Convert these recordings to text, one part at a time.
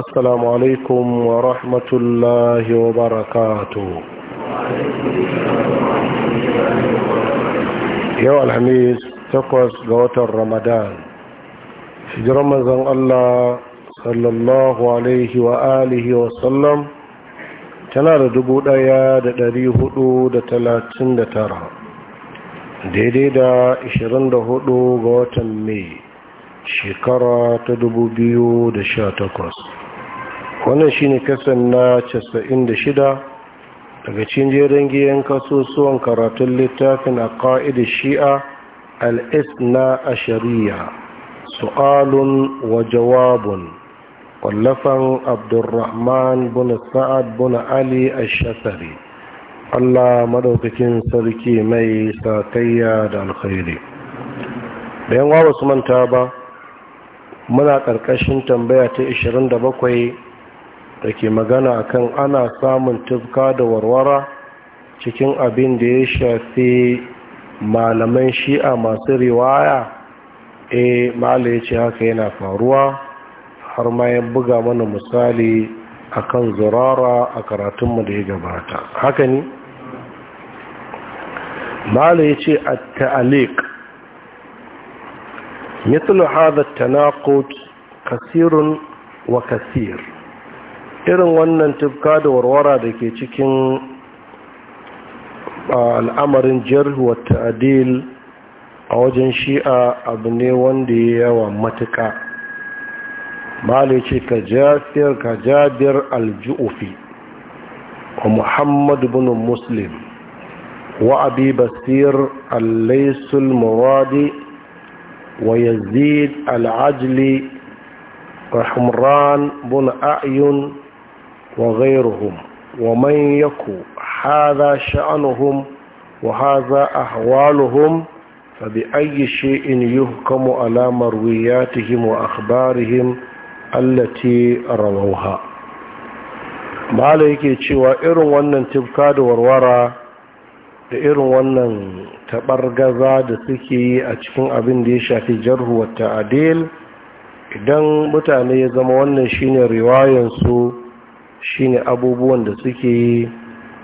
السلام عليكم ورحمة الله وبركاته ga الحميد Ramadan. قوات رمضان في رمضان الله صلى الله عليه وآله وسلم tana da dubu ɗaya da ɗari hudu da talatin da tara daidai da ashirin da hudu ga watan mai shekara ta dubu biyu da sha takwas wannan shi ne kasan na 96 daga cikin jerin giyan kasusuwan karatun littafin a ƙa'idar shi'a al'isna a shari'a su'alun wa jawabun wallafan abdurrahman buna sa'ad buna ali a shasari allah maɗaukakin sarki mai sakayya da alkhairi bayan wa su manta ba muna ƙarƙashin tambaya ta 27 da ke magana akan ana samun tufka da warwara cikin abin da ya shafi malaman shi'a masu riwaya e eh, mala ya ce haka yana faruwa har ma ya buga mana misali akan zurara a karatunmu da ya gabata haka ne mala ya ce a ta'alik mithlu hadha tanaqud kasirun wa kasir irin wannan tufka da warwara da ke cikin al'amarin jirwa ta'adil a wajen shi'a abu ne wanda ya yawa matuka Maliki ka jafiyar ka jabir aljufi wa muhammadu bin muslim wa abi basir allaisul muradi wa yazid al'ajli rahimran bin a'yun وغيرهم ومن يكو هذا شأنهم وهذا أحوالهم فبأي شيء يهكم على مروياتهم وأخبارهم التي رووها ما yake cewa irin wannan tibka da warwara da irin wannan taɓargaza da suke yi a cikin abin da ya shafi jarhu wa idan mutane ya zama wannan shine riwayansu shine abubuwan da suke yi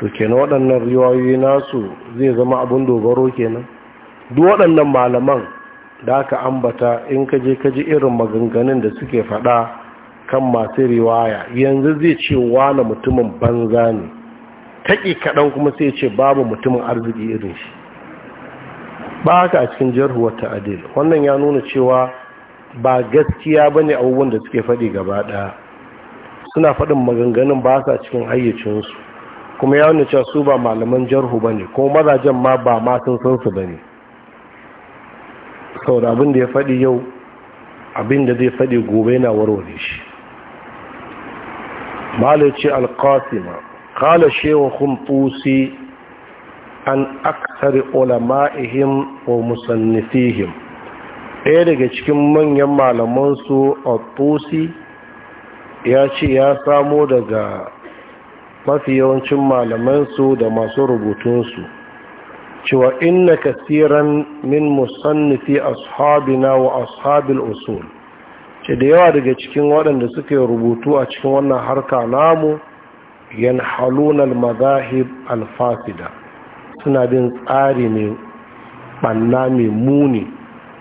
to kenan waɗannan riwayoyi nasu zai zama abin dogaro kenan duk waɗannan malaman da aka ambata in ka je ka ji irin maganganun da suke faɗa kan masu riwaya yanzu zai ce wani mutumin banza ne taƙi kaɗan kuma sai ce babu mutumin arziki irin shi ba haka a cikin jarhuwar ta'adil wannan ya nuna cewa ba gaskiya ba ne abubuwan da suke faɗi gaba ɗaya suna faɗin maganganun ba sa cikin ayyacinsu kuma ya cewa su ba malaman jarhu ba ne kuma mazajen ma ba masu sansu ba ne saboda abin da ya faɗi yau abin da zai faɗi gobe yana warware shi malaci alkasima kala kun tusi an aksari ulama'ihim wa musannifihim ɗaya daga cikin manyan malamansu a tusi ya ce ya samo daga mafi yawancin malamansu da masu rubutunsu cewa inna kasiran min musannifi ashabina wa ashabil usul ce da yawa daga cikin waɗanda suke rubutu a cikin wannan harka namu yan halunar mazahib alfasida suna bin tsari ne ɓanna mai muni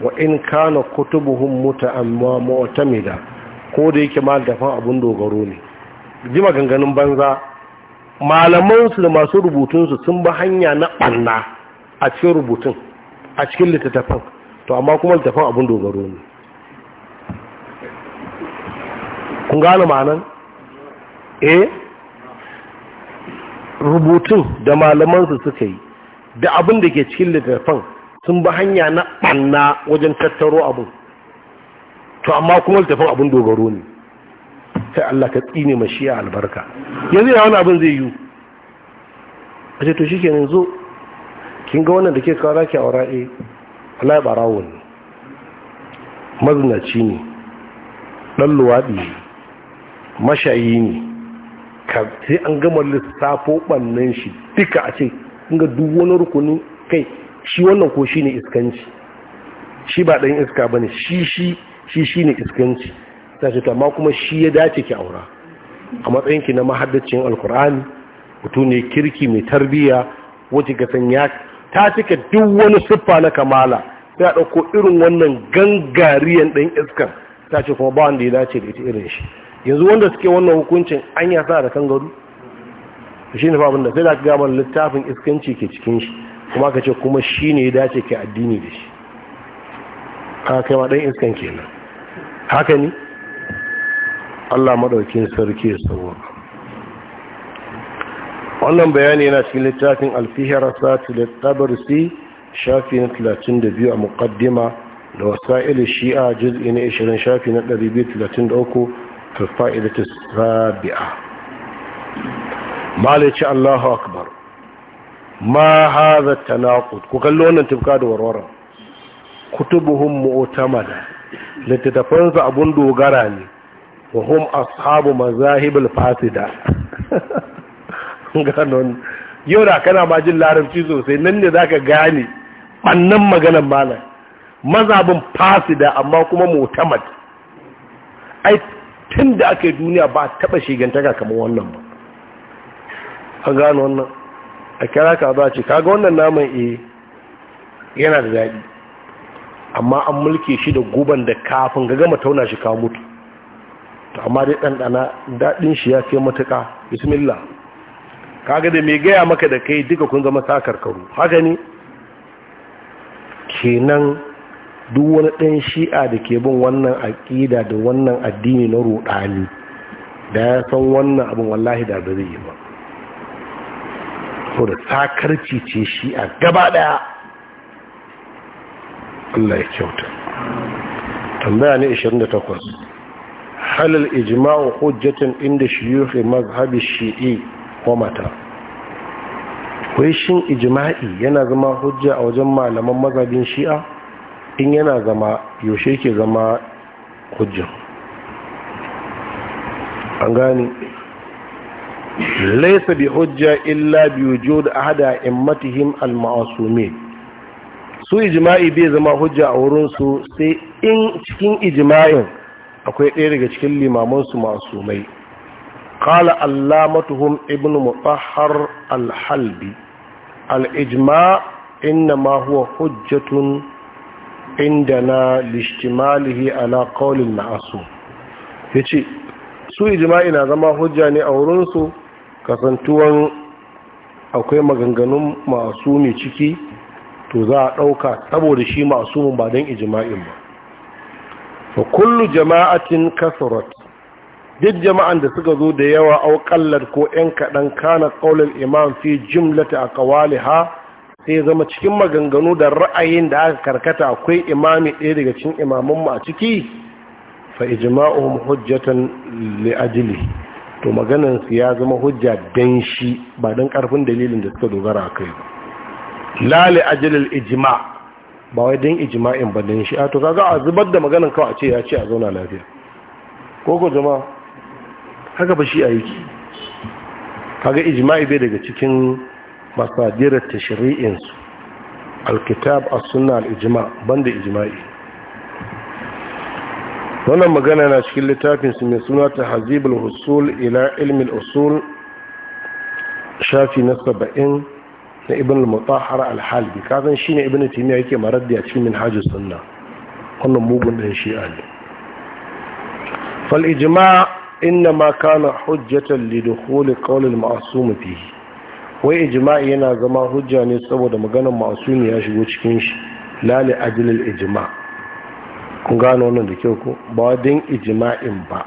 wa in kana kutubuhun mutu amma mu'tamida ko da yake ma dafan abun dogaro ne ji maganganun banza malamansu da masu rubutunsu sun ba hanya na ɓanna a cikin rubutun a cikin littattafan to amma kuma littattafan abin dogaro ne kun gane ma'anan eh rubutun da malamansu suka yi da abin da ke cikin littattafan sun ba hanya na ɓanna wajen tattaro abin to amma kuma littafin abin dogaro ne sai Allah ka tsine ma a albarka yanzu ya wani abin zai yi a ce to shi ke zo kin ga wannan da ke kawo zaki a e eh, Allah barawo ne mazinaci ne ɗan luwaɗi ne mashayi ne ka sai an gama lissafo ɓannan shi duka a ce ga duk wani rukuni kai shi wannan ko shi ne iskanci shi ba ɗan iska ba ne shi shi shi shi ne iskanci ta ce tamma kuma shi ya dace ki aura a matsayinki na mahaddacin alkur'ani mutum ne kirki mai tarbiyya wacce ka san ya ta cika duk wani siffa na kamala ta ɗauko irin wannan gangariyan ɗan iskan ta ce kuma ba wanda ya dace da ita irin shi yanzu wanda suke wannan hukuncin an ya sa da kangaru shi ne fabin da sai da ka gama littafin iskanci ke cikin shi kuma ka ce kuma shi ne ya dace ke addini da shi a kai ma ɗan iskan kenan haka ne Allah maɗaukin sarki ya sauwa wannan bayani yana cikin littafin alfihar sati da si shafi na 32 a muƙaddima da wasa'il shi'a jiz'i na 20 shafi na 233 ta sabi'a malici Allahu akbar ma haza tanaqud ku kallo wannan tufka da warwara kutubuhum da. littattafansa abun dogara ne wa hum ashabu mazahib alfasida ganon yau da kana ma jin larabci sosai nan ne zaka gane bannan maganan malam mazabin fasida amma kuma mutamat, ai tun da aka yi duniya ba a taɓa shigantaka kamar wannan ba a gano wannan a kira ka za ce kaga wannan naman e yana da daɗi amma an mulke shi da guban da kafin ga gama tauna shi ka mutu amma dai ɗanɗana daɗin shi ya ce matuka bismillah kaga da mai gaya maka da kai duka kun zama karu haka ne kenan duk wani ɗan shi'a da ke bin wannan aƙida da wannan addini na ruɗani da ya san wannan abin wallahi da ba zai yi ba ko da sakarci ce shi'a gaba ɗaya Allah ya kyauta tambaya ne 28 halal ijma'u hujjatin inda shuyukh mazhabi shi'i wa mata wai shin ijma'i yana zama hujja a wajen malaman mazhabin shi'a in yana zama yaushe ke zama hujja an gani laysa bi hujja illa bi wujud ahada immatihim al-ma'sumin su ijima'i bai zama hujja a wurinsu sai in cikin ijima'in akwai ɗaya daga cikin limamansu masu mai ƙala allamatuhum ibn mutahar alhalbi al'ijima inna ma huwa hujjatun inda na lishtimalihi ala ƙaunin na'asu ya ce su ijima'i na zama hujja ne a wurinsu kasantuwan akwai maganganun masu mai ciki to za a ɗauka saboda shi masumin ba don ijima'in ba fa kullu jama'atin kasarat duk jama'an da suka zo da yawa auƙallar kallar ko yan kaɗan kana ƙaular imam fi jimlata a kawali ha sai zama cikin maganganu da ra'ayin da aka karkata akwai imami ɗaya daga cikin imamanmu a ciki fa ijma'uhum hujjatan li ajli to maganan su ya zama hujja dan shi ba dan ƙarfin dalilin da suka dogara kai ba lali ajalil ijma ba wai don ijma'in ba don shi a to kaga a zubar da maganin kawai a ce ya ce a zauna lafiya ko ko jama'a haka ba shi a yi kaga ijma'i bai daga cikin masadirar su alkitab as-sunna al-ijma banda ijma'i wannan magana na cikin littafin su mai suna tahzibul husul ila ilmi usul shafi na saba'in. na ibn al-mutahhar al-halbi kazan shine ibn taymiya yake maraddi a cikin minhajus sunna wannan mugun dan shi'a ne fal ijma' ma kana hujjatan li dukhul qawl al-ma'sum fihi wai ijma'i yana zama hujja ne saboda maganar ma'sumi ya shigo cikin shi la li ajli al-ijma' kun gano wannan da kyau ko ba din ijma'in ba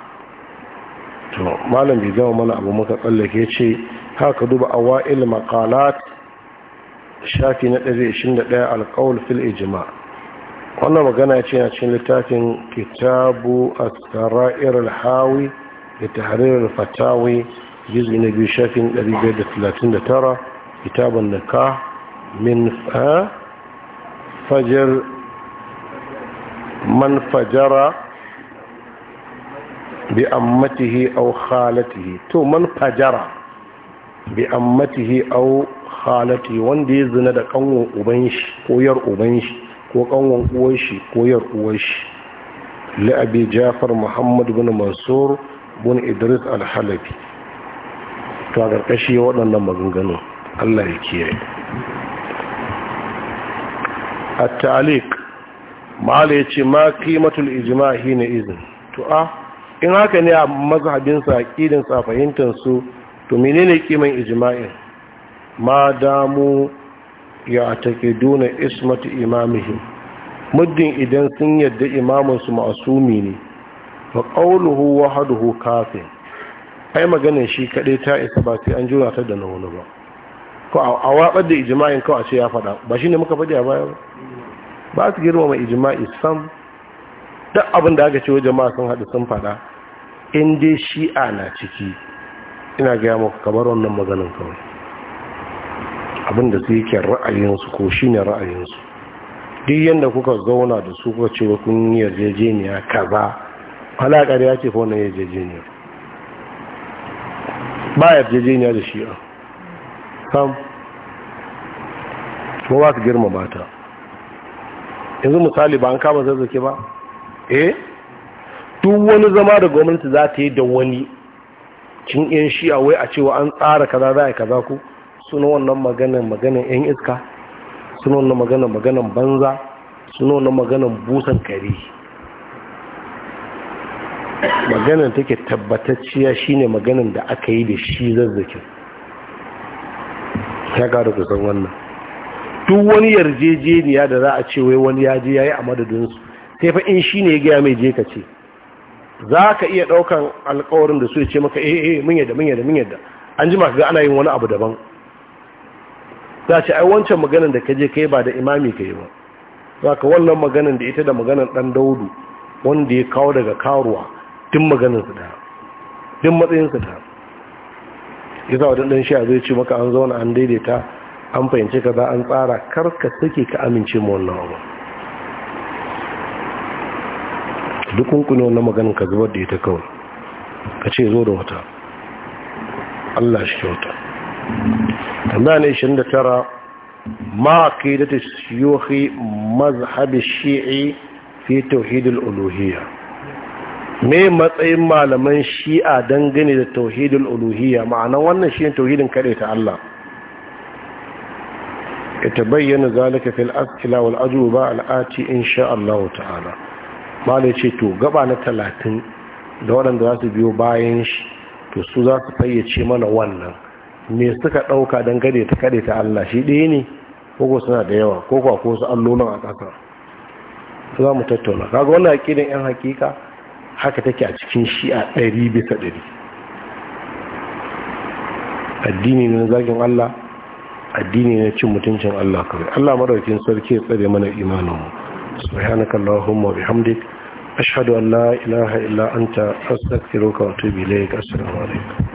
to malam bai gama mana abu muka tsallake ce haka duba awa'il maqalat shafi na 121 alkawul fil ijima wannan magana ce na cikin littafin kitabu a tsara'ir alhawi da tahrirar alfatawai jizgi na biyu shafin 539 kitabun ka min fajar man fajara bi ammatihi au khalatihi to man fajara bi ammatihi au khalati wanda ya zina da kanwon uban shi ko yar uban shi ko kanwon uwan shi ko yar uwan shi li abi jafar muhammad bin mansur bin idris al-halabi to a kashi waɗannan maganganun Allah ya kiyaye at-ta'liq mala yace ma qimatul ijma'i ne izin to a in haka ne a mazhabin sa aqidin sa fahimtar su to menene kiman ijma'in ma ya take duna ismatu imamihim muddin idan sun yarda imaminsu ma'asumi ne fa qawluhu wahdahu kafin ai maganin shi kadai ta isa ba sai an jura ta da wani ba ko a wabar da ijma'in kawai ce ya faɗa ba shine muka faɗi a baya ba su girmama ijma'i sam duk abin da aka ce wa jama'a sun haɗu sun faɗa in dai shi'a na ciki ina gaya muku bar wannan maganin kawai abin da su yake ra'ayinsu ko shi ne ra'ayinsu duk yadda kuka zauna da su kuka cewa kun yarjejeniya kaza halakar ya ce fa yarjejeniya ba yarjejeniya da shi'a sam kuma ba su girmama ta yanzu misali ba an kama zazzake ba eh duk wani zama da gwamnati za ta yi da wani cin yan shi'a wai a cewa an tsara kaza za a yi kaza ku suna wannan maganan maganan yan iska suna wannan maganan maganan banza suna wannan maganan busan kare maganan take tabbatacciya shine maganan da aka yi da shi zazzakin ya gara kusan wannan duk wani yarjejeniya da za a ce wai wani ya je ya yi a madadinsu sai fa in shi ne ya gaya mai je ka ce za ka iya ɗaukan alkawarin da su ya ce maka eh eh mun yadda mun yadda mun yadda an ji maka ga ana yin wani abu daban za ce ai wancan maganan da ka je kai ba da imami kai ba za ka wannan maganan da ita da maganan dan daudu wanda ya kawo daga karuwa tun maganin su da din matsayin su ya yasa wadin shi a zai ce maka an zauna an daidaita an fahimci ka za an tsara karka suke ka amince ma wannan abu duk kunkuni wannan maganin ka zubar da ita kawai ka ce zo da wata Allah shi kyauta tambaya ne da tara, ke da ta siyo mazhabin shi'i fi tauhidul uluhiyya me matsayin malaman shi'a dangane da tauhidul uluhiyya ma'ana wannan ne tauhidin kare ta Allah ita bayyana zalika fil askila wal ajuba al'ati insha Allah ta'ala ma ce to gaba na talatin da waɗanda za su biyo bayan shi to su za su fayyace mana wannan me suka ɗauka don gade ta kade ta Allah shi ɗaya ne koko suna da yawa ko kwa ko su allolin a ƙasa su za mu tattauna kaga wannan aƙidan yan hakika haka take a cikin shi a ɗari bisa ɗari addini na zagin Allah addini ne cin mutuncin Allah kawai Allah maraukin sarki ya tsare mana imaninmu subhanaka allahumma bihamdik ashhadu an la ilaha illa anta astaghfiruka wa atubu ilayk assalamu alaikum